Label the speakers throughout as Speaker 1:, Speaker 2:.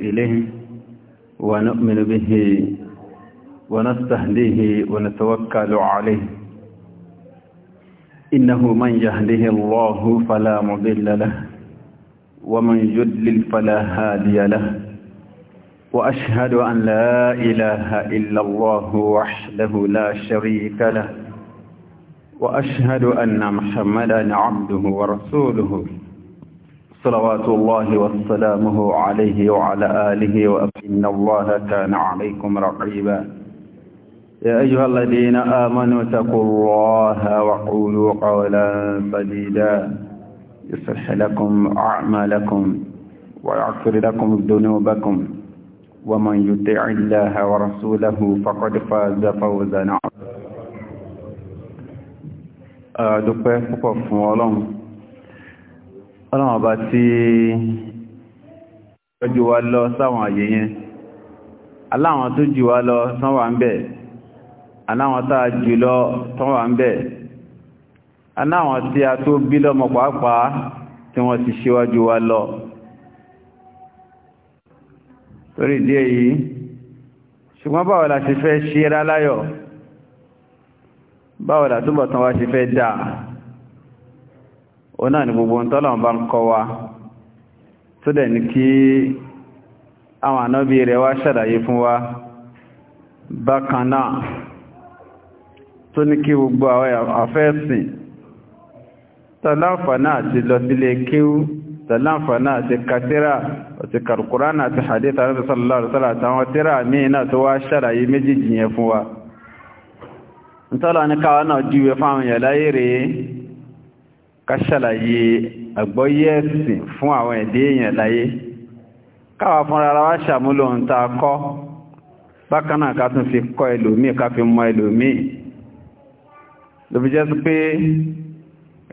Speaker 1: إليه ونؤمن به ونستهديه ونتوكل عليه إنه من يهده الله فلا مضل له ومن يدلل فلا هادي له وأشهد أن لا إله إلا الله وحده لا شريك له وأشهد أن محمدا عبده ورسوله صلوات الله وسلامه عليه وعلى آله وإن الله كان عليكم رقيبا يا أيها الذين آمنوا اتقوا الله وقولوا قولا سديدا يصلح لكم أعمالكم ويغفر لكم ذنوبكم ومن يطع الله ورسوله فقد فاز فوزا عظيما أدوبه فوفولون ọlọ́run ọba tí ọjọ́ wa lọ sáwọn àyè yẹn aláwọn tó jù wá lọ sánwà ń bẹ̀ aláwọn tá a jù lọ sánwà ń bẹ̀ aláwọn tí a tó bí lọ́mọ pàápàá tí wọ́n ti ṣíwájú wa lọ torí ìdí èyí ṣùgbọ́n báwo la ṣe fẹ́ ṣe rá láyọ̀ báwo la túbọ̀ tán wá ṣe fẹ́ dáa Ona ni gbogbo tọ́lọ̀n bá ń kọ wa tó dẹ̀ ní kí àwọn ànábí rẹ̀ wá ṣàlàyé fún wa bákan náà tó ní kí gbogbo àwọn àfẹ́sìn tàláǹfà náà ti lọ sílé kíú tàláǹfà náà ti kàtírà àti kàrùkùránà àti hadith àti sallallahu alaihi wasallam àtàwọn tírà míì náà tó wá ṣàlàyé méjì jìyàn fún wa ń tọ́lọ ní káwọn náà jíwe fáwọn yẹ̀ láyé rèé ká ṣàlàyé àgbọ́yé ẹ̀sìn fún àwọn ẹ̀dá èèyàn láyé káwa fúnra ara wa ṣàmúlò ń ta kọ́ bákan náà ká tún fi kọ́ ẹlòmíì ká fi mọ ẹlòmíì ló fi jẹ́ sí pé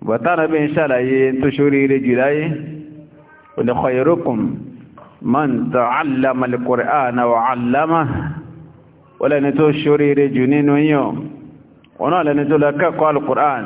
Speaker 1: ìbọ̀tánà bí ń ṣàlàyé tó ṣoríire jù láyé òní khayrukum man ta'allama al-Qur'ana wa 'allamahu wọ́n lẹ́ni tó ṣoríire jù nínú yín wọ́n náà lẹ́ni tó lọ kẹ́kọ̀ọ́ al-Qur'an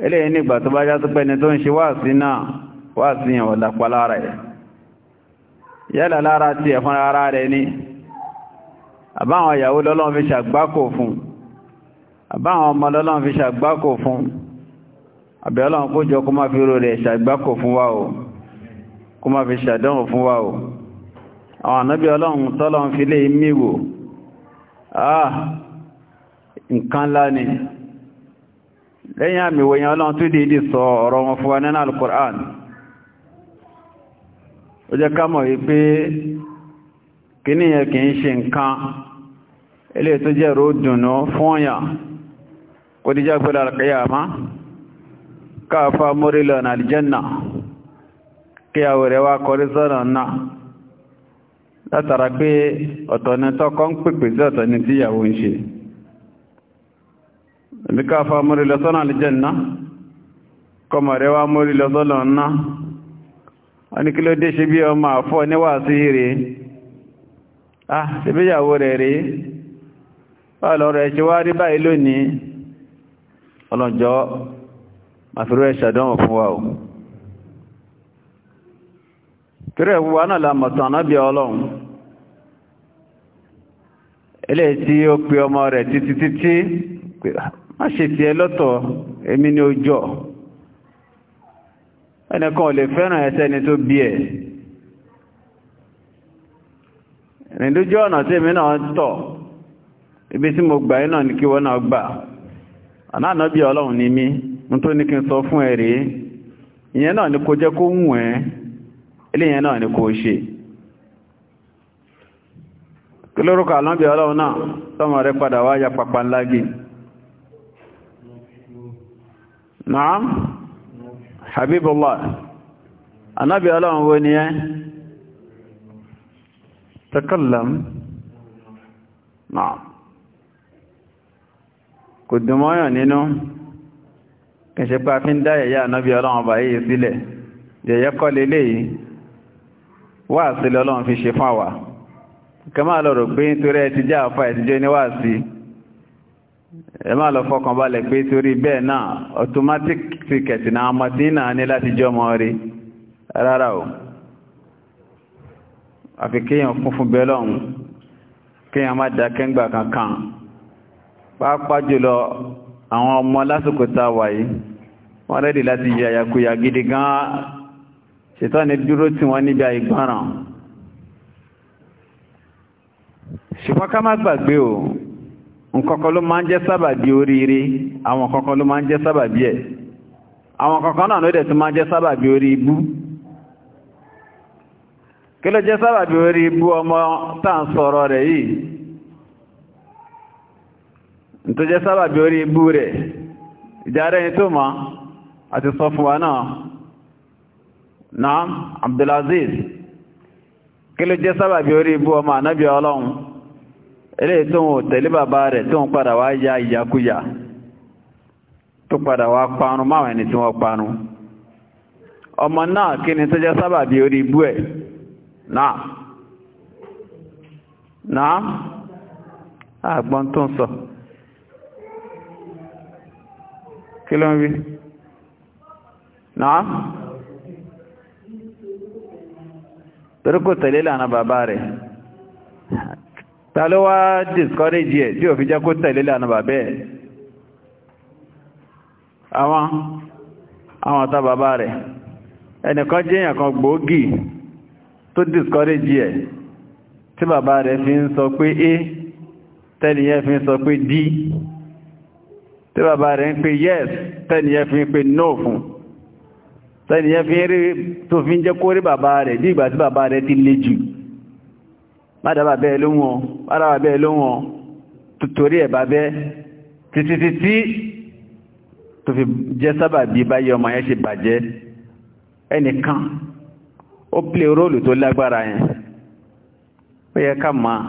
Speaker 1: eléyìí nígbà tó bá já tó pẹ́ni tó ń ṣe wáàsí náà wáàsí yàn ọ̀dàpá lára ẹ̀ yẹ́là lára ti ẹ̀fún ara rẹ̀ ní àbáwọn ìyàwó lọ́lọ́n fi ṣàgbákò fún àbáwọn ọmọ lọ́lọ́n fi ṣàgbákò fún àbẹ̀ ọlọ́run kó jọ kó má fi rò rẹ̀ ah nǹkan ni lẹ́yìn àmì wòyàn ọlọ́run tó dìídì sọ ọ̀rọ̀ wọn fún wa nínú al-Qur'an ó jẹ́ ká mọ̀ wípé kíní yẹn kì í ṣe nǹkan ilé tó jẹ́ ró dùnú fúnyà kó díjá pẹ̀lú al káàfà mórílọ̀ ní aljanna kí àwòrẹ́ wa kọrí sọ́nà náà látara pé ọ̀tọ̀ tọ́kọ́ ń pèpè sí ọ̀tọ̀ tíyàwó ń ṣe ẹ̀mí káfà mórí lọ sọ́nà àlìjẹ́nà kọmọ̀ rẹ̀ wá mórí lọ sọ́nà ọ̀nà wọ́n kí ló dé ṣe bí ọmọ àfọ́ níwà sí rẹ̀ ah ṣe bí ìyàwó rẹ̀ rẹ̀ báàlọ́ rẹ̀ ṣe wá rí báyìí lónìí ọlọ́njọ́ àfirú ẹ̀ ṣàdánwò fún wa o torí ẹ̀wù wa náà làmọ̀tàn ọlọ́run eléyìí tí ó pe ọmọ rẹ̀ títí títí wọ́n ṣe ti ẹ lọ́tọ̀ ni ojọ́ ẹnìkan lè fẹ́ràn ẹsẹ́ ni tó bí ẹ̀ ìrìndójú ọ̀nà tí èmi náà ń tọ̀ ibi tí mo gbà iná ní kí wọ́n náà gbà ànáàná bí ọlọ́run ní mí mú tó ní kí n sọ fún ẹ rèé ìyẹn náà ni kò jẹ́ kó wù ẹ́ eléyẹn náà ni kò ṣe kí lórúkọ àlọ́bí ọlọ́run náà tọ́mọ rẹ padà naam habibullah anábì ọlọ́run wo ni ẹ́ takallam naam kò dùnmọ́yàn nínú kẹsẹ̀ pé a fi ń dá ẹ̀yà anábì ọlọ́run ọba yìí sílẹ̀ yẹ̀yẹ́ kọ́ lélẹ̀ yìí wà sílẹ̀ fi ṣe fún àwà kẹ máa lọ rò pé nítorí ẹ ti jẹ́ àfà ẹ̀ ti jẹ́ níwàásí ẹ máa lọ fọkàn balẹ̀ pé torí bẹ́ẹ̀ náà automatic ticket náà mọ̀tí náà ní láti jọmọ rí rárá o àfi kíyàn kún fún bẹ́lọ́hun kíyàn má dá kẹ́ngbà kankan pàápàá jùlọ àwọn ọmọ lásìkò tá a wà yìí wọ́n rẹ́dì láti yẹ àyàkuyà gidi gan-an ṣètọ́ ni dúró tí wọ́n níbi àìgbọ́ràn ṣùgbọ́n ká má gbàgbé o nǹkankan ma máa ń jẹ́ oríire àwọn kankan ma máa ń jẹ́ sábàbí àwọn kankan náà ló dẹ̀ tún máa ń jẹ́ sábàbí orí ibú kí ló jẹ́ sábàbí orí ibú ọmọ ń yìí orí ibú sọ fún wa náà Abdulaziz kí ló eléyìí tó ń tẹ̀lé bàbá rẹ̀ tó ń padà wá ya ìyakuya tó padà wá parun máwọn ẹni tí wọ́n parun ọmọ náà kí ni tó jẹ́ sábàbí orí ibú ẹ̀ náà náà àgbọn tó ń sọ kí ló ń rí náà torí kò tẹ̀lé lànà bàbá rẹ̀ ta ló wá discourage ẹ̀ tí ò fi jẹ́ kó tẹ̀lé lànà bàbẹ́ ẹ̀ àwọn àwọn ọ̀tá bàbá rẹ̀ ẹnìkan jẹ́ èèyàn kan gbòógì tó discourage ẹ̀ tí bàbá rẹ̀ fi ń sọ pé a tẹ́niyẹ fi ń sọ pé d tí bàbá rẹ̀ ń pè yes tẹ́niyẹ fi ń pè no fún tẹ́niyẹ fi ń rí tó fi ń jẹ́ kó rí bàbá rẹ̀ bí tí bàbá rẹ̀ ti le jù mádàbà bẹ́ẹ̀ ló wọn mádàbà bẹ́ẹ̀ ló wọn torí ẹ̀ bá bẹ́ títítítí tó fi jẹ́ sábà bí báyé ọmọ yẹn ṣe bàjẹ́ ẹnìkan ó plé róòlù tó lágbára yẹn ó yẹ ká máa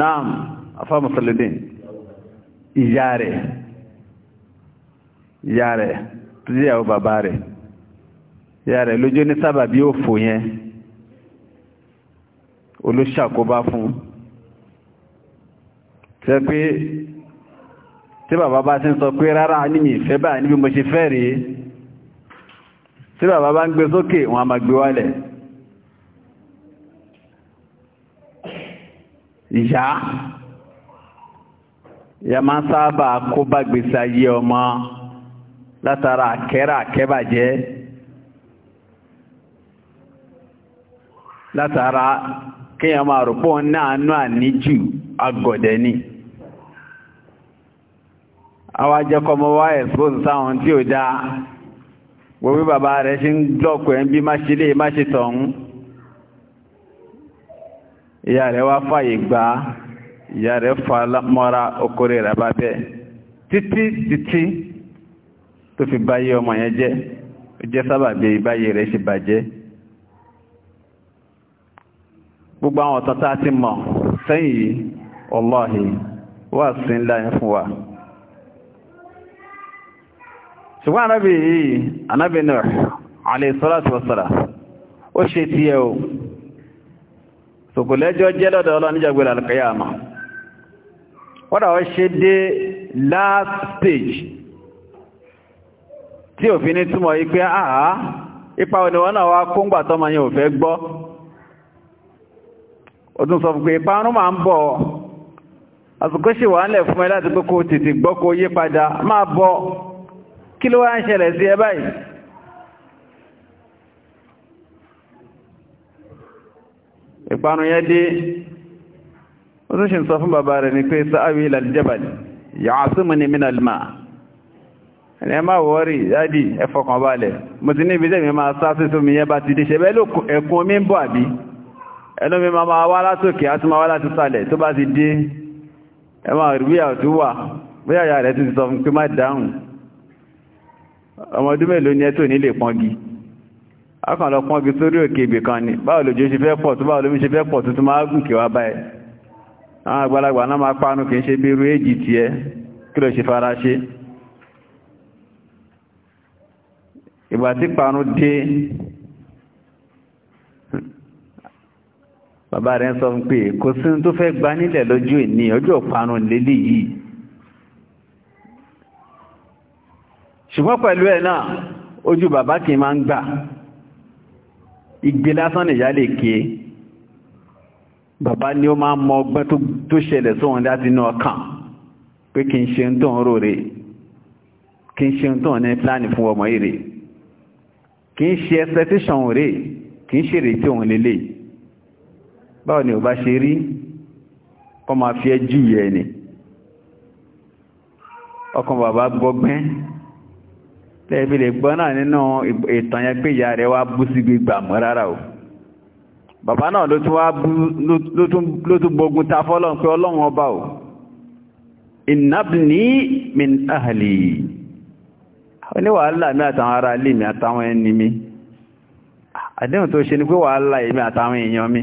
Speaker 1: náà afá mùsùlùmí ìyá rẹ̀ ìyá rẹ̀ tó jẹ́ ìyàwó bàbá rẹ̀ ìyá rẹ̀ lójú ní sábà bí ó fò yẹn olóṣàkóbá fún ṣe pé tí bàbá bá ti ń sọ pé rárá ní mi ìfẹ́ báyìí níbi mo ṣe fẹ́ rí tí bàbá bá ń gbé sókè wọn a máa gbé wálẹ̀ ìyá ìyá máa sáábà kó bá gbèsè ayé ọmọ látara àkẹ́rà àkẹ́bàjẹ́ látara kíyàn máa rò pọ́ náà náà ní jù agọ̀dẹ̀ ni àwọn ajẹ́kọmọ wá expose sáwọn tí ó dá wọ́n bàbá rẹ̀ ṣe ń blọ́ọ̀kù ẹ̀ ń bí rẹ̀ wá fàyè rẹ̀ fa mọ́ra okòrè rẹ̀ bá bẹ́ẹ̀ títí títí tó fi báyé ọmọ yẹn jẹ́ ó jẹ́ sábàbí báyé gbogbo àwọn ọ̀tán tá a ti mọ̀ sẹ́yìn yìí ọlọ́hì wà sí ńlá yẹn fún wa ṣùgbọ́n anábì yìí anábì Nuh alayhi salatu wassalam ó ṣe tí ẹ o sòkòlẹ́jọ́ jẹ́ lọ́dọ̀ ọlọ́níjàgbèrè alqiyama kọ́dà ọdún sọ pé parun máa ń bọ̀ àsìkò sì wà nílẹ̀ fún ẹ láti pé kó tètè gbọ́ kó yí padà máa bọ̀ kí ló wá ń ṣẹlẹ̀ sí ẹ báyìí ìparun yẹn dé ó tún ṣe ń sọ fún bàbá rẹ̀ ní pé sáàwì ìlàlì jẹ́bàlì yàásùmù ní mínà lìmà ẹni ẹ máa wọ́rí dáàdì ẹ mo ti ní ibi tẹ́mi máa sá sí sómi yẹn bá ti dé ṣẹ̀bẹ́ ẹkùn omi ń bọ̀ àbí ẹnu mi máa wá látòkè á tún máa wá láti sàlẹ̀ tó bá ti dé ẹwà ìrúbíyà tó wà bóyá ìyá rẹ̀ ti sọ fún dáhùn ọmọdún mélòó ni ẹ tó nílé pọ́ngi akànlọ pọ́ngi sórí òkè ibì kan ni báwo lòjò ṣe fẹ́ pọ̀ tó báwo lómi ṣe fẹ́ pọ̀ tó tó máa gùn kí wá bàbá rẹ̀ ń sọ pé kò sí tó fẹ́ gba nílẹ̀ lójú ìní ọjọ́ ìparun lélẹ̀ yìí ṣùgbọ́n pẹ̀lú ẹ̀ náà ojú bàbá kì í máa ń gbà igbe lásán nìyá lè ké bàbá ni ó máa mọ ọgbọ́n tó ṣẹlẹ̀ sóhun láti inú ọkàn pé kí n ṣe ń tó ń rò rè kí n ṣe ń tó ń ní pláàni fún ọmọ yìí rè kí n ṣe expectation rè kí n ṣe rè òun lélẹ̀ yìí báwo ni ò bá ṣe rí kọ́ máa fi ẹjú yẹ ni ọkàn bàbá gbọ́gbẹ́ tẹ́ẹ̀bí lè gbọ́ náà nínú ìtàn yẹn pé ìyá rẹ̀ wá bú sí gbígbà mọ́ rárá o bàbá náà ló tún wá ta fọ́lọ́n pé ọlọ́run ọba o ìnábìní min ahàlì ní wàhálà mi àtàwọn ará ilé mi àtàwọn ẹni mi àdéhùn tó ṣe ni pé wàhálà èmi àtàwọn èèyàn mi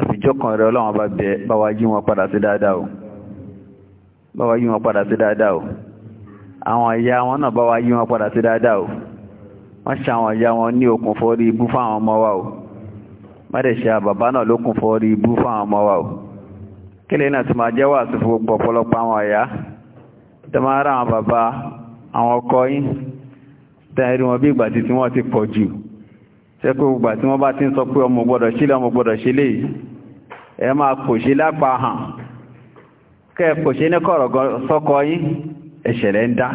Speaker 1: àfijọ́ kan rẹ̀ ọlọ́run bá bẹ bá wa yí wọn padà sí dáadáa o bá wa yí wọn padà sí dáadáa o àwọn ìyá wọn náà bá wa yí wọn padà sí dáadáa o wọ́n ṣe àwọn ìyá wọn ní okùn fọ́rí ibú fáwọn ọmọ wa o má dẹ̀ ṣe àbàbá náà lókùn fọ́rí ibú fáwọn ọmọ wa o kílẹ̀ náà tí wọ́n bá ti ń sọ pé ọmọ gbọ́dọ̀ ṣílẹ̀ ọmọ gbọ́dọ̀ ṣílẹ̀ yìí ẹ máa pòṣe lápá hàn kẹ́ pòṣe ní kọ̀rọ̀gọ́ sọ́kọ yín ẹ̀ṣẹ̀lẹ̀ ń dá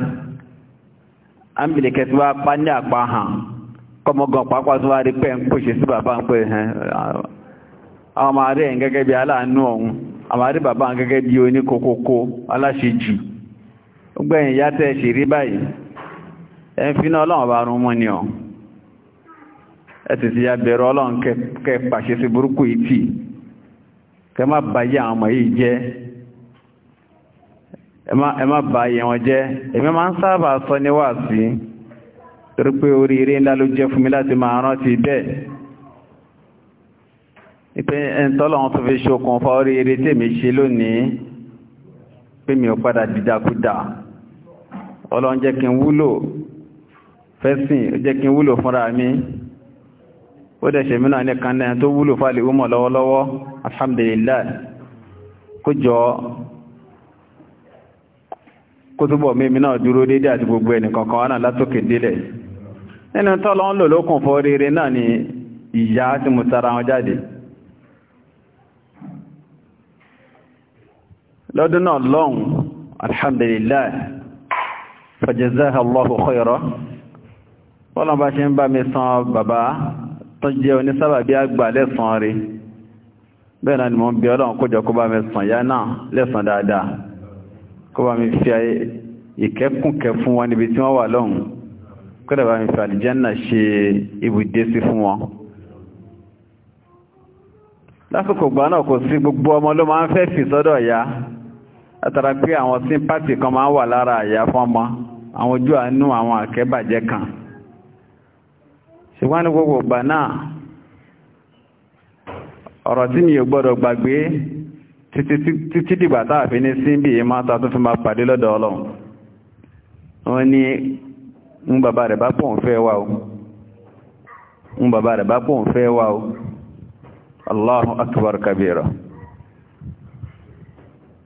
Speaker 1: ámìlìkẹ́ tí wá pa ní àpá hàn kọmọgàn pàápàá tó wá rí pẹ́ ń bàbá ń pè hàn àwọn gẹ́gẹ́ bí aláàánú ọ̀hún àwọn bàbá gẹ́gẹ́ bí oníkókókó gbẹ̀yìn tẹ́ ṣe rí báyìí ń ni ọ. ya ọlọ́run pàṣẹ sí burúkú yìí tì kẹ má bàyẹ àwọn ọmọ yìí jẹ́ ẹ má bàyẹ wọn jẹ́ èmi máa ń sábà sọ ní wàásí torí pé oríire ńlá ló jẹ́ fún mi láti máa rántí bẹ́ẹ̀ ìpé ẹ̀ntọ́lọ́wọ́n tó fi ṣokùn oríire tèmi ṣe lónìí pé mi ò padà dìdàkudà ọlọ́run jẹ́ kí n wúlò fẹ́sìn jẹ́ kí n wúlò fúnra mi ó dẹ̀ ṣe mìíràn ní kanlẹ̀ tó wúlò fàlẹ̀ umọ̀ lọ́wọ́lọ́wọ́ alhamdulillah kó jọ kó túbọ̀ mímí náà dúró dédé àti gbogbo ẹni kankan wánà látòkè délẹ̀ nínú tọ́lọ ń lò lókùn fọ́ rere náà ni ìyá tí mo tara wọn jáde lọ́dún náà lọ́hùn alhamdulillah fajazaha Allahu khayra wọ́n lọ bá ṣe ń bá mi san bàbá tó jẹ́ onísábàbí àgbà lẹ́sàn rí bẹ́ẹ̀ náà ni mo ń bí ọlọ́run kójọ kó bá mi sàn yá náà lẹ́sàn dáadáa kó bá mi fi ìkẹ́kùnkẹ́ fún wọn níbi tí wọ́n wà lọ́hùn kó dẹ̀ bá mi fi ya látara pé àwọn sympathy kan máa ń wà lára àyà àwọn ojú àánú àwọn àkẹ́bàjẹ́ kan ṣùgbọ́n gbogbo ìgbà náà ọ̀rọ̀ tí mi ò gbọ́dọ̀ gbàgbé títí dìgbà táà fi ní sí bí i máa ta tó fi máa pàdé lọ́dọ̀ ọlọ́run wọ́n ní ń bàbá rẹ̀ bá pọ̀ ń fẹ́ wà ó ń bàbá rẹ̀ bá pọ̀ ń fẹ́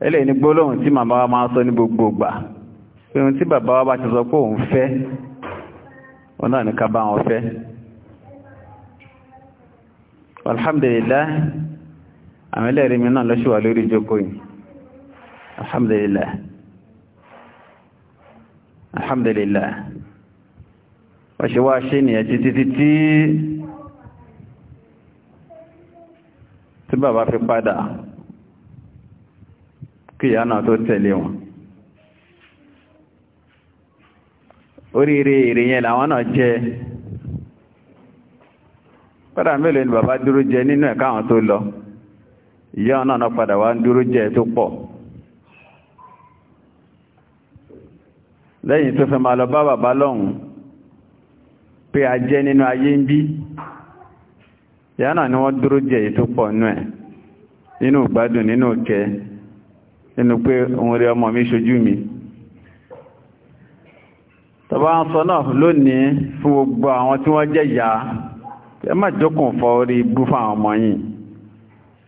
Speaker 1: ẹlẹ́ ní tí màmá wa máa sọ ní gbogbo ìgbà alhamdulillah àwọn ẹlẹ́rìí mi náà lọ́ṣùwà lórí jókòó yìí alhamdulillah alhamdulillah ọ̀ṣẹ́wà ṣe nìyà títí títí tí bàbá fi padà kí ìyá náà tó tẹ̀lé wọn oríire èrè yẹn làwọn náà jẹ́ kọ́dà mélòó ni bàbá dúró jẹ nínú ẹ̀ káwọn tó lọ ìyá ọ̀nà náà padà wá ń dúró jẹ tó pọ̀ lẹ́yìn tó fẹ́ máa lọ bá bàbá lọ́hùn pé a jẹ́ nínú ayé ń bí ìyá náà ni wọ́n dúró jẹ èyí tó pọ̀ nú ẹ̀ nínú ìgbádùn nínú ìkẹ́ nínú pé òun rí ọmọ mi ṣojú mi tọba ń sọ náà lónìí fún gbogbo àwọn tí wọ́n jẹ́ ìyá ẹ má jókòó fọ orí ibú fáwọn ọmọ yìí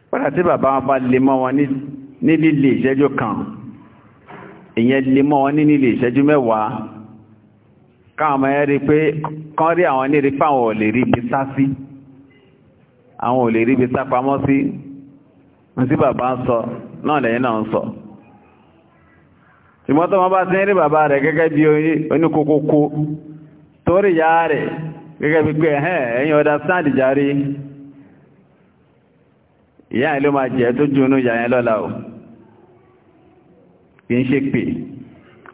Speaker 1: padà tí bàbá wọn bá lè mọ́ wọn ní lílé ìṣẹ́jú kan ìyẹn lè mọ́ wọn ní lílé ìṣẹ́jú mẹ́wàá káwọn ọmọ yẹn rí pé kán rí àwọn ní rí fáwọn ò lè rí ibi sá sí àwọn ò lè rí ibi sá pamọ́ sí ní tí bàbá ń sọ náà lẹ́yìn náà ń sọ ṣùgbọ́n wọn bá ti ń rí bàbá rẹ̀ gẹ́gẹ́ bí oníkókókó torí ìyá rẹ̀ gẹ́gẹ́ bí pé ẹ̀hẹ́n ẹ̀yìn ọ̀dá sáàdì jàrí ìyá ìlú máa jẹ́ tó jùnú yàyẹn lọ́la ò kì ń ṣe pè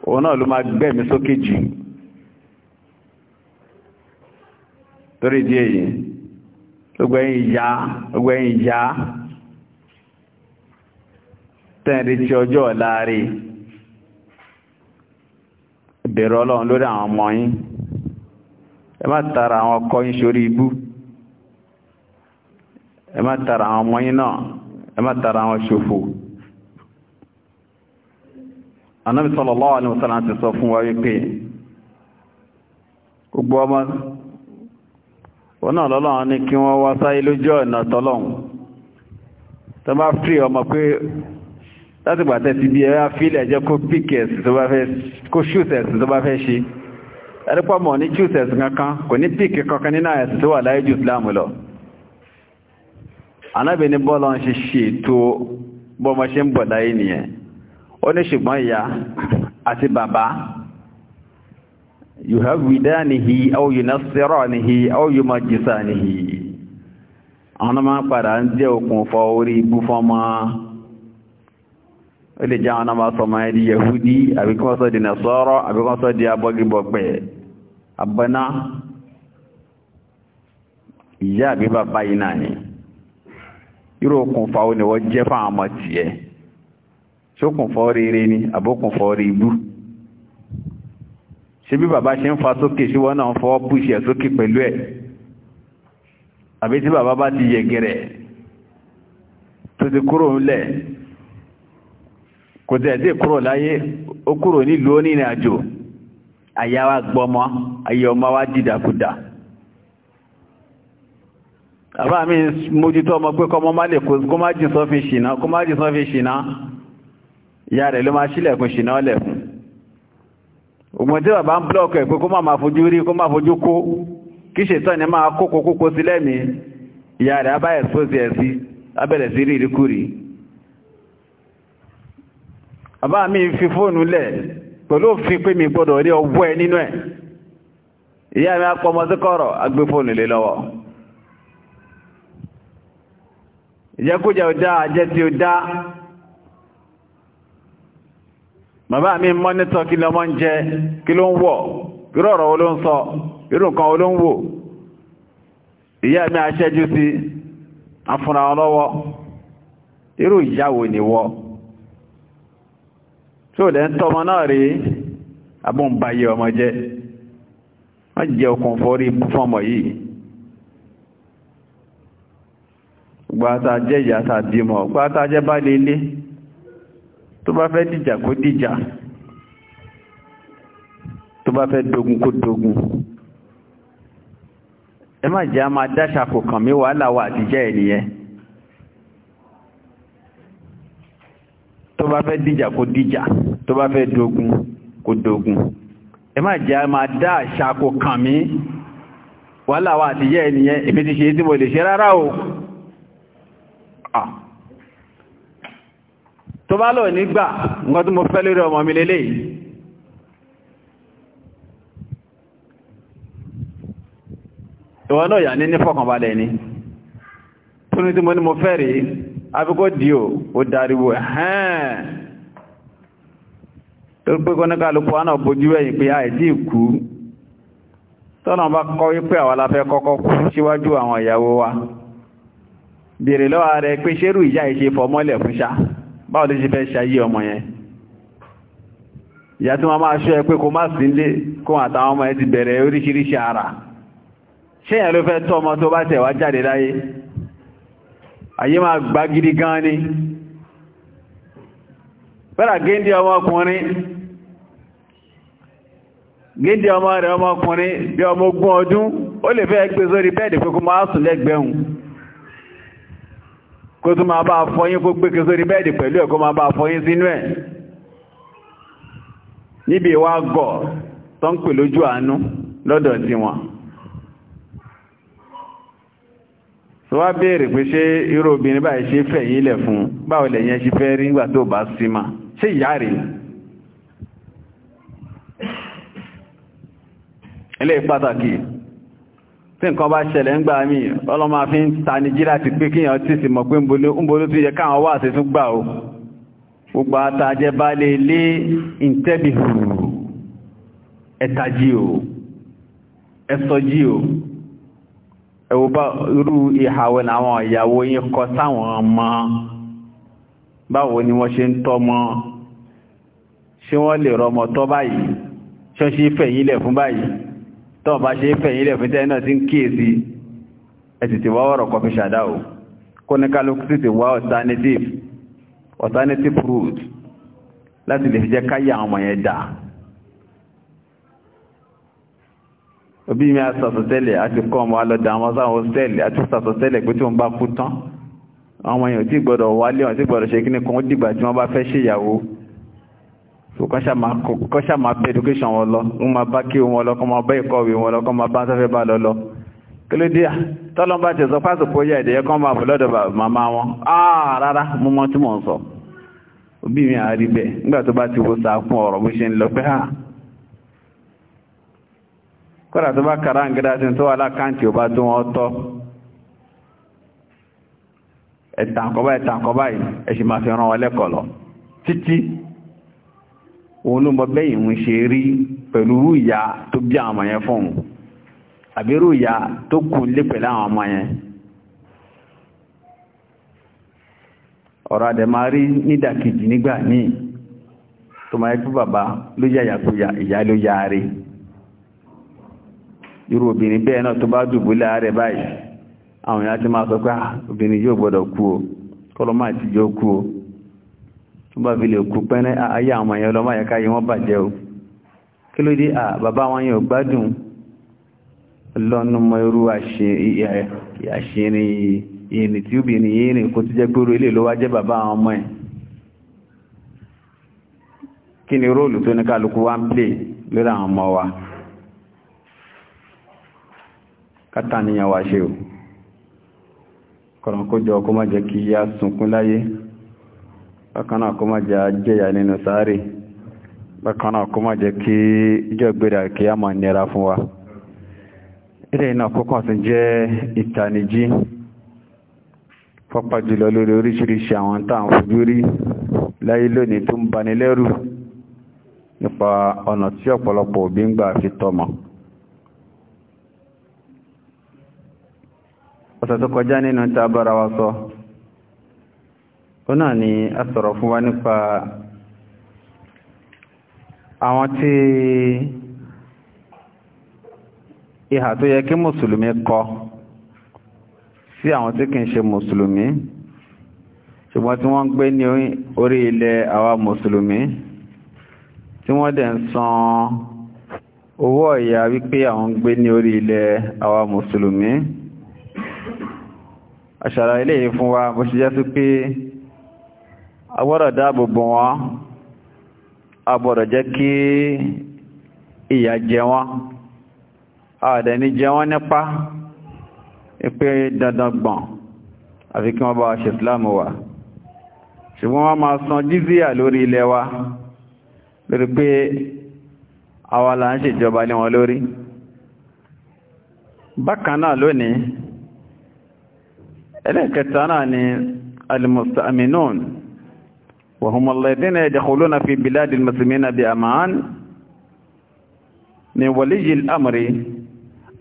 Speaker 1: òun náà ló máa gbẹ̀mí sókè jù torí ìdí èyí gbogbo ẹ̀yin ìyá gbogbo ẹ̀yin ìyá tẹ́ẹ̀rí tí ọjọ́ ọ̀la bẹ̀rọ ọlọ́run lórí àwọn ọmọ yín ẹ má tara àwọn ọkọ yín sórí ibú ẹ má tara àwọn ọmọ yín náà ẹ má tara àwọn ṣòfò anábì sallallahu alaihi wasallam ti sọ fún wa wípé gbogbo ọmọ wọn náà lọ́lọ́run ní kí wọ́n wá sáyé lójú ọ̀nà tọ́lọ́run tó bá fírí ọmọ pé láti gbàtẹ́ ti bí ẹ á fílẹ̀ jẹ́ kó píkẹ̀ sí tó bá fẹ́ kó ṣùsẹ̀ sí tó bá fẹ́ ṣe ẹ̀rípọ̀ mọ̀ ní jùsẹ̀ kankan kò ní píkì kankan nínú àyẹ̀sì tó wà láyé jù islamu lọ anábì ní bọ́ọ̀lọ́ ṣe ṣètò bọ́ọ̀mọ́ ṣe ń bọ̀ láyé nìyẹn ó ní ṣùgbọ́n ìyá àti bàbá yuhawidanihi aw yunasiranihi aw yumajisanihi àwọn máa ń padà ń jẹ́ okùn fọ orí ibú fọ́mọ́ ó lè jẹ́ àwọn máa sọmọ ẹni yahudi àbíkọ́ di nasọ́rọ̀ àbíkọ́ di abọ́gibọ̀gbẹ̀ẹ́ Abana ìyá àbí bàbá yìí náà ni irú okùnfà ó ní wọ́n jẹ́ fáwọn ọmọ tiẹ̀ ṣókùnfà ó rere ni àbókùnfà ó rí ibú ṣe bí bàbá ṣe ń fa sókè ṣe wọ́n náà ń fọwọ́ pùṣì ẹ̀ sókè pẹ̀lú ẹ̀ àbí tí bàbá bá ti yẹgẹrẹ tó ti kúrò ńlẹ̀ kò tẹ̀ sí kúrò láyé ó kúrò nílùú onírìn àjò àyà wa gbọmọ ayé ọmọ wa dìdàkudà àbá mi mójútó ọmọ pé kọmọ má lè kó má jìn sọ fi ṣìná kó má jìn sọ fi ṣìná ìyá rẹ̀ ló máa ṣílẹ̀kùn ṣìná ọlẹ̀kùn ògbọ̀n tí bàbá ń blọ́ọ̀kì ẹ̀ pé kó má máa fojú rí kó má fojú kó kí ṣètọ́ ni máa kókó kókó sí lẹ́mí ìyá rẹ̀ abá ẹ̀sọ́sì ẹ̀sí abẹ́rẹ̀ sí rírikúri àbá mi fi fóònù lẹ̀ pẹ̀lú òfin pé mi gbọ́dọ̀ ní ọwọ́ ẹ nínú ẹ̀ ìyá mi apọmọ sí kọ́rọ̀ agbé fóònù lọ́wọ́ ìjẹkújẹ ò dá tí mi mọ́nítọ̀ kí lọ́mọ ń jẹ kí ló ń wọ̀ irú ọ̀rọ̀ ló ń sọ irú nǹkan ló ń wò ìyá mi aṣẹ́jú sí afúnra tí ò lẹ́ ń tọ́mọ náà rí abúnbayé ọmọ jẹ́ wọ́n jẹ́ okùn fọ́rí fọ́mọ yìí gbáta jẹ́ ìyá tàbímọ̀ gbáta jẹ́ bá lélé tó bá fẹ́ dìjà kó dìjà tó bá fẹ́ dogun kó dogun ẹ má jẹ́ a máa dáṣà kò kàn mí wàhálà wà àtijẹ́ ènìyàn tó bá fẹ́ díjà kó díjà tó bá fẹ́ dogun kó dogun ẹ má jẹ́ a máa dá àṣà kó kàn mí wàhálà wa àtijẹ́ ènìyàn èmi ti ṣe tí mo lè ṣe rárá o tó bá lọ nígbà nǹkan tó mo fẹ́ lórí ọmọ mi lélẹ́yìí ìwọ náà yà ní ní fọkànbalẹ̀ ni tó ní tí mo ní mo fẹ́ rèé àbíkó dì o ó dariwo ẹ̀hẹ́n tó pé kọ́ ní kálukú wọn náà bójú ẹ̀yìn pé àìsí ìkú tọ́nà bá kọ́ wípé àwọn aláfẹ́ kọ́kọ́ kú síwájú àwọn ìyàwó wa bèèrè lọ́wọ́ rẹ̀ pé ṣérù ìyá ìṣe fọmọ́lẹ̀ fún ṣá báwo ló ṣe fẹ́ ṣayé ọmọ yẹn ìyá tí wọ́n máa ṣọ́ ẹ pé kó má sí ilé kó àtàwọn ọmọ ẹ ti bẹ̀rẹ̀ oríṣiríṣi ara ṣéyàn ló fẹ́ tọ́ ọmọ tó bá tẹ̀ wá jáde láyé ayé máa gbá gidi gan ni bẹ́rà géńdé ọmọkùnrin géńdé ọmọ rẹ̀ ọmọkùnrin bí ọmọ ogún ọdún ó lè fẹ́ gbé sórí bẹ́ẹ̀dì pé kó máa sùn lẹ́gbẹ̀ẹ́hùn kó tún máa bá fọyín kó gbé sórí bẹ́ẹ̀dì pẹ̀lú ẹ̀ máa bá fọyín sínú ẹ̀ níbi ìwà gọ̀ tó pè lójú àánú lọ́dọ̀ tiwọn tó wá béèrè pé ṣé irú obìnrin báyìí ṣe fẹ̀ yín lẹ̀ fún báwo lẹ̀yẹn ṣe fẹ́ rí nígbà tó bá sí ma ṣé ìyá rẹ̀ ilé pàtàkì tí nǹkan bá ṣẹlẹ̀ ń gbà mí ọlọ́mà fi ń ta ní jí láti pé kíyàn tí sì mọ̀ pé ń bolú tó yẹ káwọn wà sí gbà ó gbogbo àtàjẹ bá lè lé ìntẹ́bì ẹ̀tàjì ò ẹ̀sọ́jì ò ẹ̀wọ̀bá irú ìhàwẹ̀ àwọn ìyàwó yín kọ sáwọn ọmọ báwo ni wọ́n ṣe ń tọ́mọ ṣé wọ́n lè rọmọ tọ́ báyìí ṣé ṣe fẹ̀yìnlẹ̀ fún báyìí tọ́ bá ṣe fẹ̀yìnlẹ̀ fún tẹ́ náà ti ń kíyèsí ẹ̀tìtì wá ọ̀rọ̀ kọfí ṣàdá kó ní kálukú sì ti wá alternative alternative route láti lè fi jẹ́ káyà àwọn yẹn dáa òbí mi a sàtọ̀tẹ́lẹ̀ àti kọ́ ọmọ alọ́dà àwọn sáwọn sẹ́ẹ̀lì àti sàtọ̀tẹ́lẹ̀ pé tí wọ́n bá kú tán àwọn èèyàn tí gbọ́dọ̀ wálé wọn tí gbọ́dọ̀ ṣe kíní kan ó dìgbà tí wọ́n bá fẹ́ ṣèyàwó kọ́ṣà máa bẹ́ education wọn lọ wọ́n máa bá kí wọn lọ kọ́ máa bá ìkọ̀wé wọn lọ kọ́ máa bá sáfẹ́ bá lọ lọ kí ló dé ti sọ pásìkò yá ìdẹ́yẹ kan máa bọ̀ lọ́dọ̀ màmá wọn áà rárá mo mọ tí mò ń sọ òbí mi àárí bẹ́ẹ̀ nígbà tó bá ti wo sàákún ọ̀rọ̀ bó ṣe ń lọ pé háà kọ́nà tó bá kàrá ń gẹ́dá sí tó wà láàkáǹtì ò bá tó wọ́n tọ́ ẹ̀tàǹkọ́bá ẹ̀tàǹkọ́bá yìí máa fi ràn wọ́n lẹ́kọ̀ọ́ lọ títí òun ló mọ bẹ́yìn ń ṣe rí pẹ̀lú ìyá tó bí àwọn ọmọ yẹn fún un àbí irú ìyá tó kù lé irú obìnrin bẹ́ẹ̀ náà tó bá dùbúlẹ̀ ààrẹ báyìí àwọn èèyàn ti máa sọ pé ah, obìnrin yóò gbọ́dọ̀ kú o kọ́lọ́ ti jọ kú o tó bá fi lè kú ah, ayé àwọn èèyàn lọ yẹ wọ́n bàjẹ́ o kí ló dé ah, bàbá wọn yóò gbádùn lọ́nùmọ́ irú àṣírí ìrìn ti kátàníyàn wa ṣe o kọ̀rọ̀kójọ kó má jẹ́ kí yá sunkún láyé bákanáà kó má jẹ jẹ́yà nínú sáré bákanáà kó má jẹ́ kí ìjọ kí fún wa ilẹ̀ iná kọ́kàn tún jẹ́ ìtànijí pọ́pá jùlọ lórí oríṣiríṣi àwọn tá à ń fojú rí láyé lónìí tó ń banilẹ́rù nípa ọ̀nà tí ọ̀pọ̀lọpọ̀ ọ̀sẹ̀ tó kọjá nínú tí a bára wa sọ ó náà ni a sọ̀rọ̀ fún wa nípa àwọn tí ìhà tó yẹ kí mùsùlùmí kọ sí àwọn tí kìí ṣe mùsùlùmí ṣùgbọ́n tí wọ́n ń gbé ní orí ilẹ̀ àwa mùsùlùmí tí wọ́n dẹ̀ ń san owó ọ̀yà wípé àwọn gbé ní orí ilẹ̀ àwa mùsùlùmí àṣàrà ilé yìí fún wa bó ṣe jẹ́ sí pé agbọ́dọ̀ dáàbò bò wọ́n agbọ́dọ̀ jẹ́ kí ìyà jẹ wọ́n àdẹ̀ ní jẹ wọ́n nípa ipé dandan gbọ̀n àfi kí wọ́n bá ṣe ìsìláàmù wa ṣùgbọ́n wọ́n máa san jízíà lórí ilẹ̀ wa lórí pé àwa là ń ṣèjọba lé wọn lórí bákan náà lónìí ẹlẹ́ẹ̀kẹta náà ni al-musta'minun wa hum alladhina yadkhuluna fi biladi al-muslimina bi aman min waliyi al-amri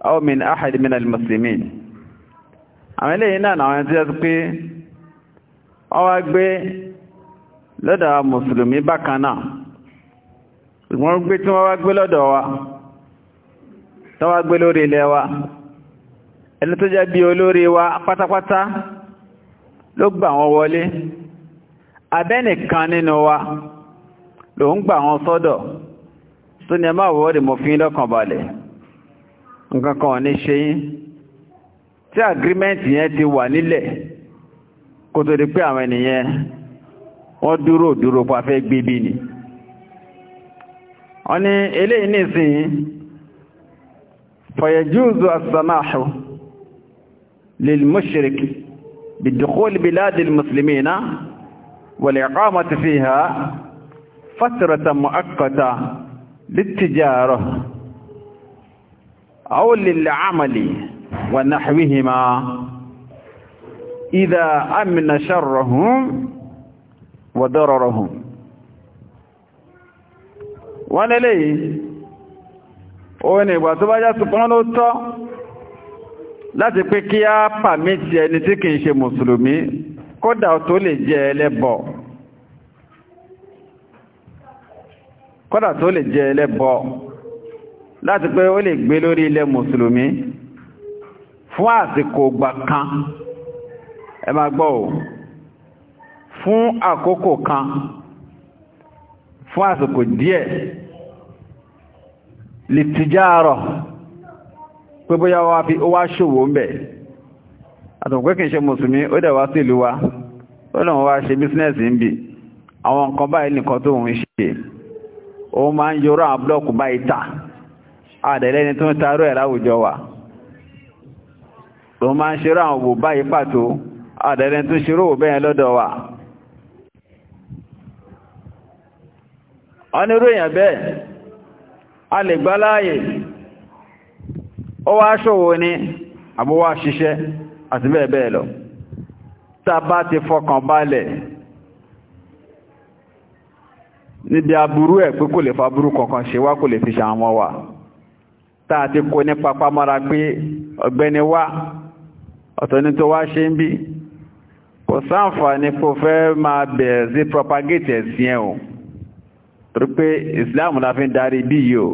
Speaker 1: aw min ahad min al-muslimin àwọn eléyìí náà àwọn tí pé wọ́n gbé lọ́dọ̀ mùsùlùmí bákan náà wọ́n gbé tí wọ́n wá gbé lọ́dọ̀ wa tọ́wá gbé lórí ilẹ̀ wa ẹni tó jẹ́ bí olórí wa pátápátá ló gbà wọn wọlé abẹ́nìkan nínú wa ló ń gbà wọn sọ́dọ̀ tó ní ẹ máa wọ́ọ̀dì mo fi lọ́kàn balẹ̀ nǹkan kan ò ní ṣe yín tí àgírímẹ́ǹtì yẹn ti wà nílẹ̀ kó tó di pé àwọn ènìyàn wọ́n dúró dúró pa gbébí ni wọ́n ní eléyìí nìsín fọ̀yẹ̀júùzù àsàmáhù للمشرك بدخول بلاد المسلمين والإقامة فيها فترة مؤقتة للتجارة أو للعمل ونحوهما إذا أمن شرهم وضررهم وأنا ليه وأنا ni ìgbà tó bá láti pé kí á pàmítì ẹni tí kìí ṣe mùsùlùmí kódà tó lè jẹ ẹlẹ́bọ kódà tó lè jẹ ẹlẹ́bọ láti pé ó lè gbé lórí ilẹ̀ mùsùlùmí fún àsìkò ògbà kan ẹ máa gbọ́ ò fún àkókò kan fún àsìkò díẹ̀ lìtìjáàrọ̀ pé bóyá wá fi ó wá ṣòwò ń bẹ̀ àtọ̀pẹ́ kìí ṣe mùsùlùmí ó dẹ̀ wá sí ìlú wa ó lọ́n wá ṣe bísínẹ́sì ń bì àwọn nǹkan báyìí nìkan tó ń ṣe ó máa ń yọrọ àwọn búlọ́ọ̀kù báyìí tà àdẹ̀lẹ́ni tó ń tarú ẹ̀ láwùjọ wa ló máa ń ṣerú àwọn òwò báyìí pàtó àdẹ̀lẹ́ni tó ń ṣerú òwò bẹ́yẹn lọ́dọ̀ wa onírú èèyàn bẹ́ẹ̀ a lè gbá láàyè ó wá ṣòwò ní àbúwá ṣiṣẹ́ àti bẹ́ẹ̀ bẹ́ẹ̀ lọ tá a bá ti fọkàn balẹ̀ níbi aburú ẹ̀ pé kò lè fa burú kankan ṣe wá kò lè fi ṣàwọn wà tá ti kó ní papá mọ́ra pé ọ̀gbẹ́ni wá ọ̀tọ̀ ní tó wá ṣe ń bí kò sáǹfààní kò fẹ́ máa bẹ̀rẹ̀ sí propagate ẹ̀sìn ẹ̀ o torí pé Islam la fi ń darí bí yìí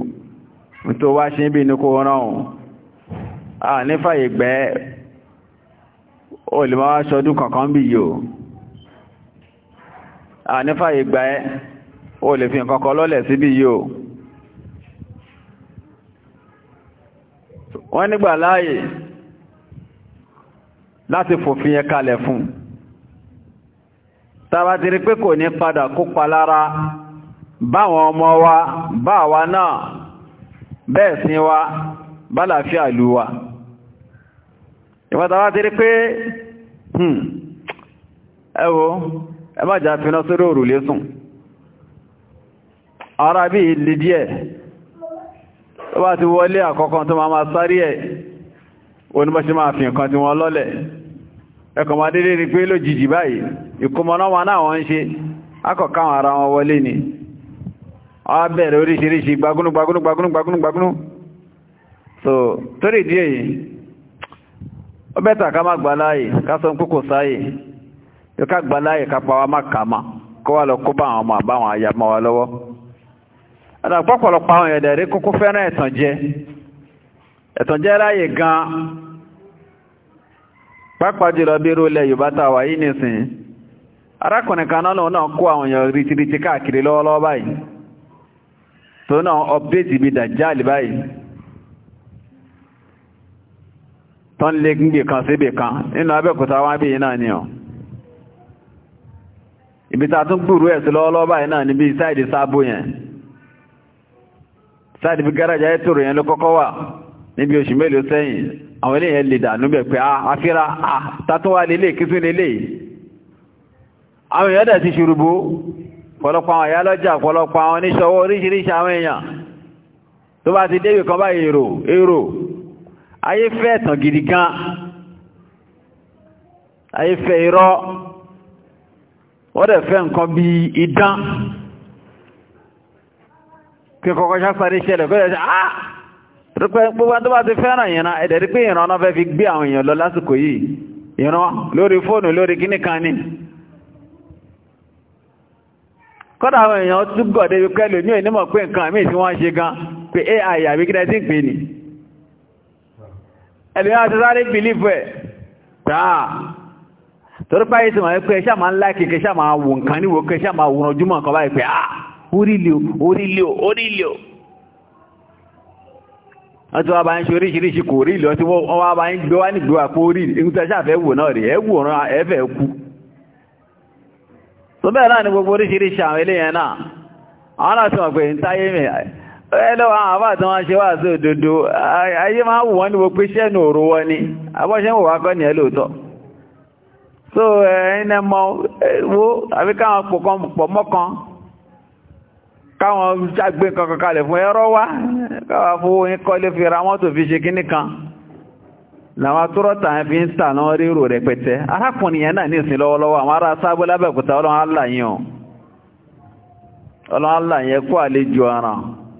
Speaker 1: o tó wá ṣe ń bí ní kò rán o Ah ní fàyè gbẹ́ o lè máa ṣọdún kankan bí yóò a ní fàyè gbẹ́ o lè fi nǹkan kan lọ́lẹ̀ sí bí yóò wọ́n nígbà láàyè láti fòfin yẹn kalẹ̀ fún tàbátiri pé kò ní padà kópa lára báwọn ọmọ wa báwa náà bẹ́ẹ̀ sí wa bálàáfíà lú wa ìwọ́ta wá ti rí pé ẹwọ́ hmm, ẹbájá fi náà sórí òrùlé sùn ara bí ilé díẹ̀ tó bá ti wọlé àkọ́kọ́ tó máa sáré ẹ̀ oníbọ́ṣe máa fi nǹkan tí wọ́n lọ́lẹ̀ ẹkọ̀ máa dédé rí pé lójijì báyìí ìkọmọ̀nà wọn náà wọ́n ń ṣe akọ̀káwọn ara so torí díẹ̀ yìí ó bẹ́ta ká má gbaláyè ká sọ pé sáyè yóò ká gbaláyè ká pa wa má kà má kó wá lọ kó bá àwọn ọmọ àbáwọn àyà má wa lọ́wọ́ àdàpọ̀pọ̀lọpọ̀ àwọn ẹ̀dẹ̀ rí kókó fẹ́ràn ẹ̀tàn ẹ̀tànjẹ ráyè gan pápá jùlọ bí irú Yorùbá tá a wà yìí nìsín arákùnrin kan náà náà kó àwọn èèyàn káàkiri lọ́wọ́lọ́wọ́ báyìí tó náà bíi dàjáàlì báyìí tó ń lé gbì kan síbì kan nínú abẹ́kùta wọn bí náà ni ọ ibi ta tún gbùrú ẹ̀ sí lọ́wọ́lọ́wọ́ báyìí náà níbi sáìdì sáàbò yẹn sáàdì bí gáràjà ẹ̀ tòrò yẹn ló kọ́kọ́ wà níbi oṣù mélòó sẹ́yìn àwọn eléyẹn lè dànù bẹ̀ pé àfíra ah, ah, àwọn èèyàn dẹ̀ ti pọ̀lọpọ̀ àwọn pọ̀lọpọ̀ àwọn oníṣòwò oríṣiríṣi àwọn èèyàn tó bá ti kan báyìí èrò èrò ayé fẹ́ ẹ̀tàn gidi gan ayé fẹ́ irọ́ wọ́n dẹ̀ fẹ́ nǹkan bí idán kí kọ́kọ́ ṣásáré ṣẹlẹ̀ kọ́ ah! rúpẹ́ tó bá ti fẹ́ràn ìran ẹ̀dẹ̀ pé ìran náà fẹ́ fi gbé àwọn èèyàn lọ lásìkò yìí ìran lórí fóònù lórí kíní kan àwọn èèyàn débi ní ìnímọ̀ pé nǹkan àmì ṣe gan pé ai ń ebe àti sáré bìlífù ẹ̀ taa torípa yìí tí wọ́n ẹ̀kọ́ ẹ̀ṣà máa ń láìkì kẹṣà máa wò nǹkan níwò kẹṣà ma wò ọjúmọ̀ nǹkan báyìí pé orílẹ̀ ah, orílẹ̀ orílẹ̀ wọ́n ti wá bá ń ṣe oríṣiríṣi kò wọ́n wá bá ń gbé wá nígbé ẹlọ àwọn àbátan wọn ṣe wà sí òdodo ayé máa wù wọ́n ní gbogbo iṣẹ́ ní òru wọn ni abọ́ṣẹ́ ń wà kọ́ ní so ẹ̀ẹ́nẹ́ mọ́ wó àbí káwọn pọ̀ mọ́kan káwọn kankan kalẹ̀ fún wá fi ra mọ́tò fi ṣe kíní kan làwọn atúrọ́tà yẹn fi ń sà náà rírò rẹpẹtẹ arákùnrin yẹn náà àwọn ará ọlọ́run á là yín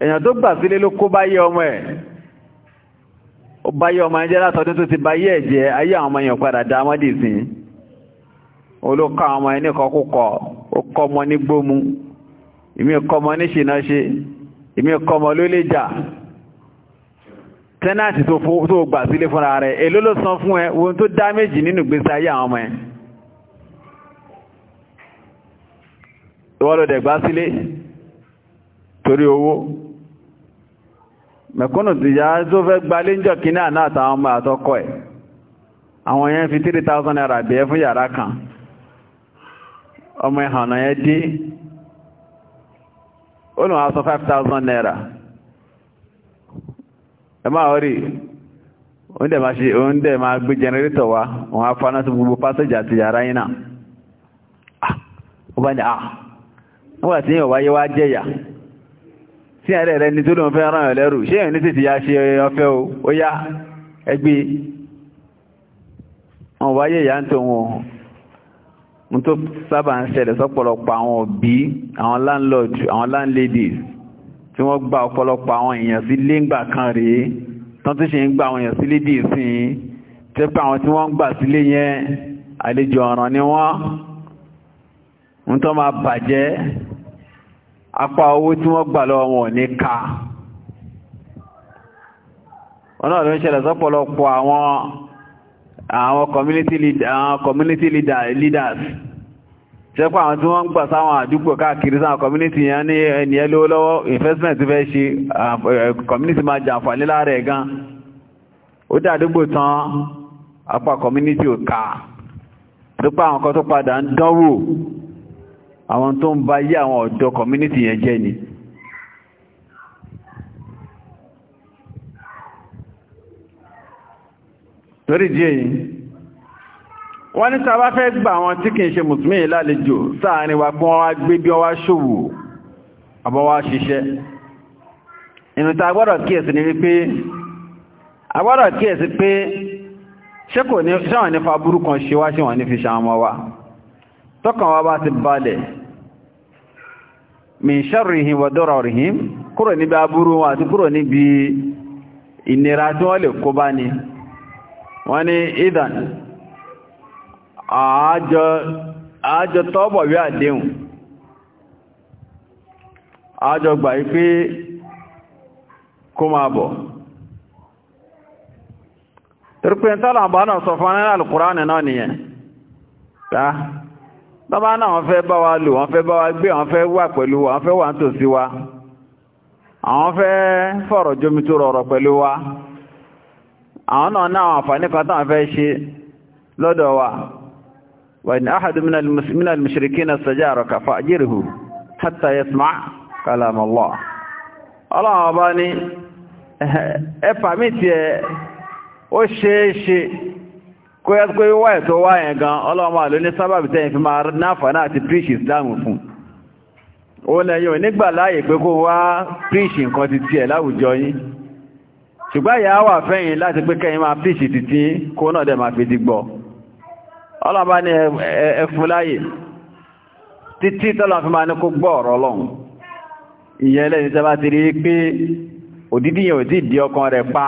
Speaker 1: èèyàn tó gbà sílé ló kó báyé ọmọ ẹ̀ ó báyé ọmọ ẹjẹ́ látọdún tó ti báyé ẹ̀jẹ́ ayé àwọn ọmọ èèyàn padà dá wọ́n dì sí olókọ àwọn ọmọ ẹni kan kúkọ ó kọ́ ọmọ ní gbómú ìmí kọ́ ọmọ ní ṣìnà ṣe ìmí kọ́ ọmọ ló lè jà tẹ́nàtì tó gbà sílé fúnra rẹ̀ èló ló san fún ẹ ohun tó dá méjì nínú gbèsè ayé àwọn ọmọ ẹ̀ ìwọ́n ló dẹ̀ gbà sílé torí owó mẹ̀kúnnù ti yá tó fẹ́ gba léńjọ́ kí àná àtàwọn ọmọ àtọ́kọ́ ẹ̀ àwọn yẹn fi 3000 naira bẹ̀ẹ́ fún yàrá kan ọmọ ìhànà yẹn dé ó sọ 5000 naira ẹ máa rí máa ṣe òun máa gbé jẹnẹrétọ̀ wá òun afáná sí gbogbo pásẹ̀jì ti yàrá yìí náà ah, ó bá ní à ah, nígbà tí wáyé wá jẹ́yà tí ẹ̀rẹ́ rẹ̀ ní tó lóun fẹ́ ràn ẹ̀lẹ́rù ṣe ẹ̀ ní títí ya ṣe ọfẹ́ o ó yá ẹgbẹ́ e. wọn wáyé ìyá ń tó wọn mú tó sábà ń ṣẹlẹ̀ sọ́pọ̀lọpọ̀ àwọn òbí àwọn landlord àwọn landladies tí wọ́n gba ọ̀pọ̀lọpọ̀ àwọn èèyàn sí léǹgbà kan rèé tán tó ṣe ń gba àwọn èèyàn sí lédìí sí tẹ́ pé àwọn tí wọ́n ń gbà sílé yẹn àlejò ọ̀ràn ni wọ́n ń tó máa bàjẹ́ apá owó tí wọ́n gbà lọ́wọ́ wọn ní ká ọ̀nà ló ń ṣẹlẹ̀ sọ́pọ̀lọpọ̀ àwọn àwọn community leader àwọn community leader leaders ṣẹ́pọ̀ àwọn tí wọ́n ń gbà sáwọn àdúgbò káàkiri sáwọn community yẹn ní ẹni ẹ lówó lọ́wọ́ investment fẹ́ ṣe community máa jàǹfààní láàrẹ̀ gan ó dá àdúgbò tán apá community ò ká tó pa àwọn kan tó padà ń dánwò àwọn tó ń bá yí àwọn ọ̀dọ́ community yẹn jẹ́ ni torí díẹ̀ yìí wọ́n ní sábá fẹ́ gba àwọn tí kìí ṣe mùsùlùmí lálejò sáàrin wa kún wá gbé bí ọwá ṣòwò àbọ́wá ṣiṣẹ́ inú ta gbọ́dọ̀ ni wípé agbọ́dọ̀ kíyèsí pé ṣé kò ní ṣáwọn nípa burúkan ṣe wá ṣe wọ́n ní fi ṣàwọn ọmọ wa tọ́kàn wa bá ti balẹ̀ min sharrihim wa dararihim kúrò níbi aburú wọn àti kúrò níbi ìnira tí wọ́n lè kó bá ní wọ́n ní idan àájọ tọ́bọ̀ wí àdéhùn àájọ gbà wípé kó máa bọ̀ torípé tọ́lá sọ fún ẹ́nà alkùránì náà nìyẹn tọ́bá náà wọ́n fẹ́ bá wa lò wọ́n fẹ́ bá wa gbé wọ́n fẹ́ wà pẹ̀lú wa wọ́n fẹ́ wà nítòsí wa àwọn fẹ́ fọ̀rọ̀ jómi tó rọrọ̀ pẹ̀lú wa àwọn náà náà àǹfààní kan táwọn fẹ́ ṣe lọ́dọ̀ wa wà ní ahadu minal mushrikina sajaraka fa'jirhu hatta yasma' kalam Allah ọlọ́run ọba kó yá tó wá ẹ̀tọ́ wá yẹn gan ọlọ́mọ àlọ́ ní sábàbí tẹ́yìn fi máa náfàánà àti preach islam fún ó lẹ́yìn ò nígbà láàyè pé kó wá preach nǹkan ti tiẹ̀ láwùjọ yín ṣùgbọ́n ìyá wà fẹ́yìn láti pé kẹ́yìn máa preach títí kó náà dẹ̀ máa fi di gbọ́ ọlọ́mọ ní ẹfun láàyè títí tọ́lọ́ fi máa ní kó gbọ́ pa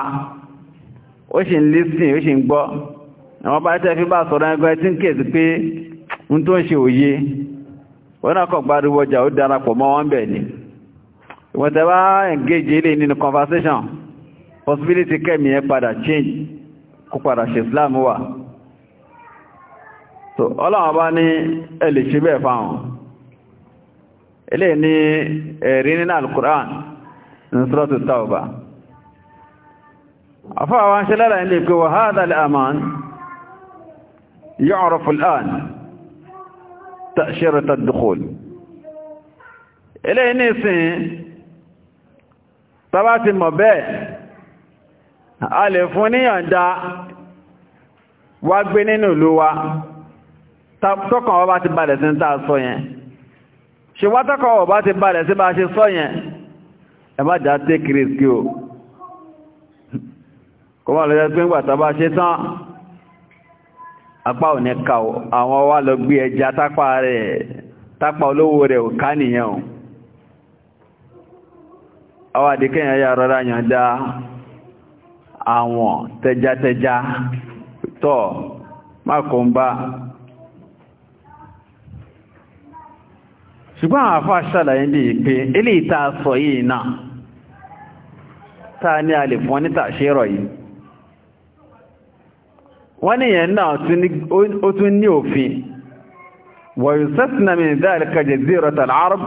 Speaker 1: ó sì ń lísìn ó sì ń gbọ́ àwọn bá tẹ́ fi bá sọ̀rọ̀ ẹgbẹ́ tí ń kéèsì pé ń tó ń ṣe òye wọ́n náà kọ̀ ó darapọ̀ mọ́ wọn bẹ̀ ni ìwọ̀n bá engage ilé nínú conversation possibility kẹ́mi ẹ padà change kó padà ṣe Islam wà so ọlọ́wọ́n bá ní ẹ lè ṣe bẹ́ẹ̀ fáwọn ilé ní ẹ̀rí nínú Al-Qur'an ní Suratul Tawbah àwọn ṣẹlẹ́rẹ̀ ilé pé wà hádàlẹ̀ àmàn يعرف الآن تأشيرة الدخول إليه نيسين tàbátí mọ̀ bẹ́ẹ̀ a lè fún níyànjá wá gbé nínú ìlú wa tọ́kàn ọba ti balẹ̀ sí ta sọ yẹn ṣe wá tọ́kàn ọba ti balẹ̀ sí bá ṣe sọ yẹn ẹbájá take risk o kọmọ̀ lọ́jọ́ pé ń gbà tàbá ṣe tán apá ò ní ká o àwọn wá lọ gbé ẹja tápá rẹ̀ tápá olówó rẹ̀ ò ká nìyàn o àwọn àdíkẹ́yàn yà rọra yàn dá àwọn tẹjátẹjá tọ́ mákòmbá ṣùgbọ́n àwọn afọ́ aṣàlàyé bí i pé ilé ìta sọ yìí náà ta ní a lè fún ní yìí wọ́n ní yẹn náà ó tún ní òfin wà yùsẹ́sìnà min dhalika jaziratul arab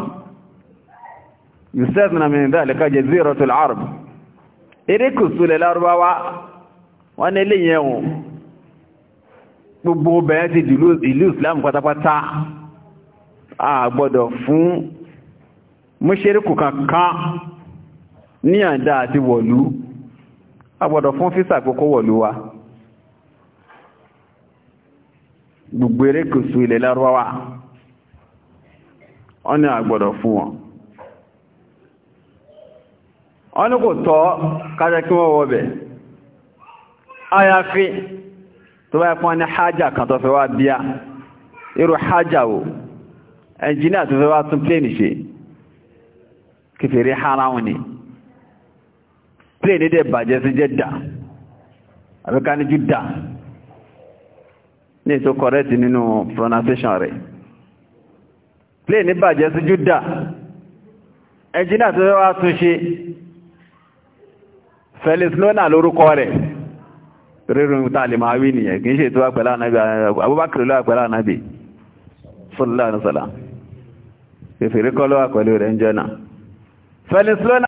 Speaker 1: yùsẹ́sìnà min dhalika jaziratul arab erékùsù lè lárúbáwá wọ́n ní léyìn ẹ̀wọ̀n gbogbo obìnrin ti dìlú ìlú islam pátápátá a gbọ́dọ̀ fún mọ́ṣẹ́ríkù kankan níyàndá àti wọ̀lú a gbọ́dọ̀ fún físà gbogbo erékùsù ilẹ̀ lárọ́wà wọ́n ní àgbọ̀dọ̀ fún wọn wọ́n ní kò tọ́ kájẹ́ kí wọ́n wọ́bẹ̀ àyàfi tó bá ẹ̀kọ́ ní hajjá kan tó fẹ́ wá bíá irú hajjá o ẹnjìníà tó fẹ́ wá tún pléènì ṣe kìfèrè hara wọn ni pléènì dẹ̀ bàjẹ́ sí jẹ́ dà àbíká ní jù dáa ní ètò correct nínú pronunciation rẹ̀ plane ní bàjẹ́ sí Júdà ẹjìnà tó wá tún ṣe Felix Lona lórúkọ rẹ̀ rírun tààlì máa wí nìyẹn kìí ṣe tó wá pẹ̀lá ànábì Abubakar ló wà pẹ̀lá ànábì sallallahu alaihi wasallam fèfèrè kọ́ ló wà pẹ̀lú rẹ̀ ń jẹ́ náà Felix